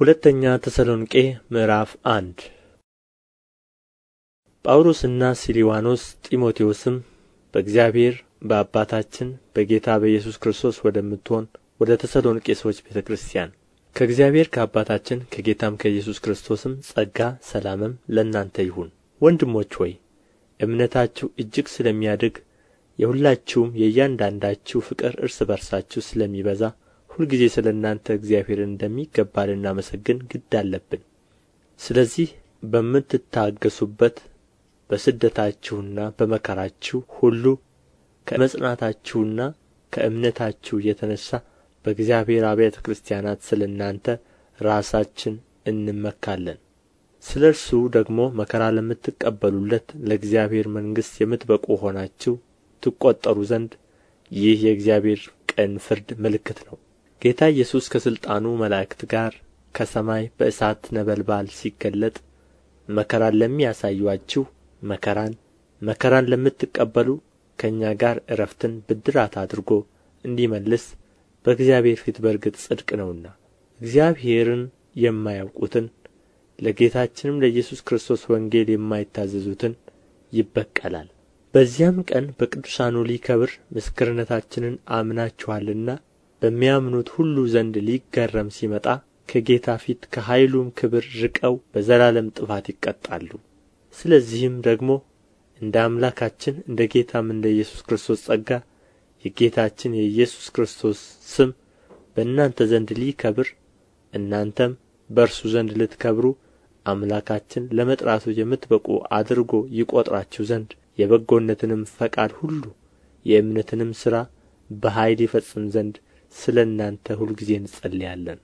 ሁለተኛ ተሰሎንቄ ምዕራፍ አንድ ጳውሎስና ሲሊዋኖስ ጢሞቴዎስም በእግዚአብሔር በአባታችን በጌታ በኢየሱስ ክርስቶስ ወደምትሆን ወደ ተሰሎንቄ ሰዎች ቤተ ክርስቲያን ከእግዚአብሔር ከአባታችን ከጌታም ከኢየሱስ ክርስቶስም ጸጋ ሰላምም ለእናንተ ይሁን። ወንድሞች ሆይ እምነታችሁ እጅግ ስለሚያድግ የሁላችሁም የእያንዳንዳችሁ ፍቅር እርስ በርሳችሁ ስለሚበዛ ሁልጊዜ ስለ እናንተ እግዚአብሔርን እንደሚገባ ልናመሰግን ግድ አለብን ስለዚህ በምትታገሱበት በስደታችሁና በመከራችሁ ሁሉ ከመጽናታችሁና ከእምነታችሁ የተነሳ በእግዚአብሔር አብያተ ክርስቲያናት ስለ እናንተ ራሳችን እንመካለን ስለ እርሱ ደግሞ መከራ ለምትቀበሉለት ለእግዚአብሔር መንግሥት የምትበቁ ሆናችሁ ትቈጠሩ ዘንድ ይህ የእግዚአብሔር ቀን ፍርድ ምልክት ነው ጌታ ኢየሱስ ከሥልጣኑ መላእክት ጋር ከሰማይ በእሳት ነበልባል ሲገለጥ መከራን ለሚያሳዩአችሁ መከራን መከራን ለምትቀበሉ ከእኛ ጋር እረፍትን ብድራት አድርጎ እንዲመልስ በእግዚአብሔር ፊት በእርግጥ ጽድቅ ነውና እግዚአብሔርን የማያውቁትን ለጌታችንም ለኢየሱስ ክርስቶስ ወንጌል የማይታዘዙትን ይበቀላል። በዚያም ቀን በቅዱሳኑ ሊከብር ምስክርነታችንን አምናችኋልና በሚያምኑት ሁሉ ዘንድ ሊገረም ሲመጣ ከጌታ ፊት ከኃይሉም ክብር ርቀው በዘላለም ጥፋት ይቀጣሉ ስለዚህም ደግሞ እንደ አምላካችን እንደ ጌታም እንደ ኢየሱስ ክርስቶስ ጸጋ የጌታችን የኢየሱስ ክርስቶስ ስም በእናንተ ዘንድ ሊከብር እናንተም በእርሱ ዘንድ ልትከብሩ አምላካችን ለመጥራቱ የምትበቁ አድርጎ ይቆጥራችሁ ዘንድ የበጎነትንም ፈቃድ ሁሉ የእምነትንም ሥራ በኃይል ይፈጽም ዘንድ ስለ እናንተ ሁልጊዜ እንጸልያለን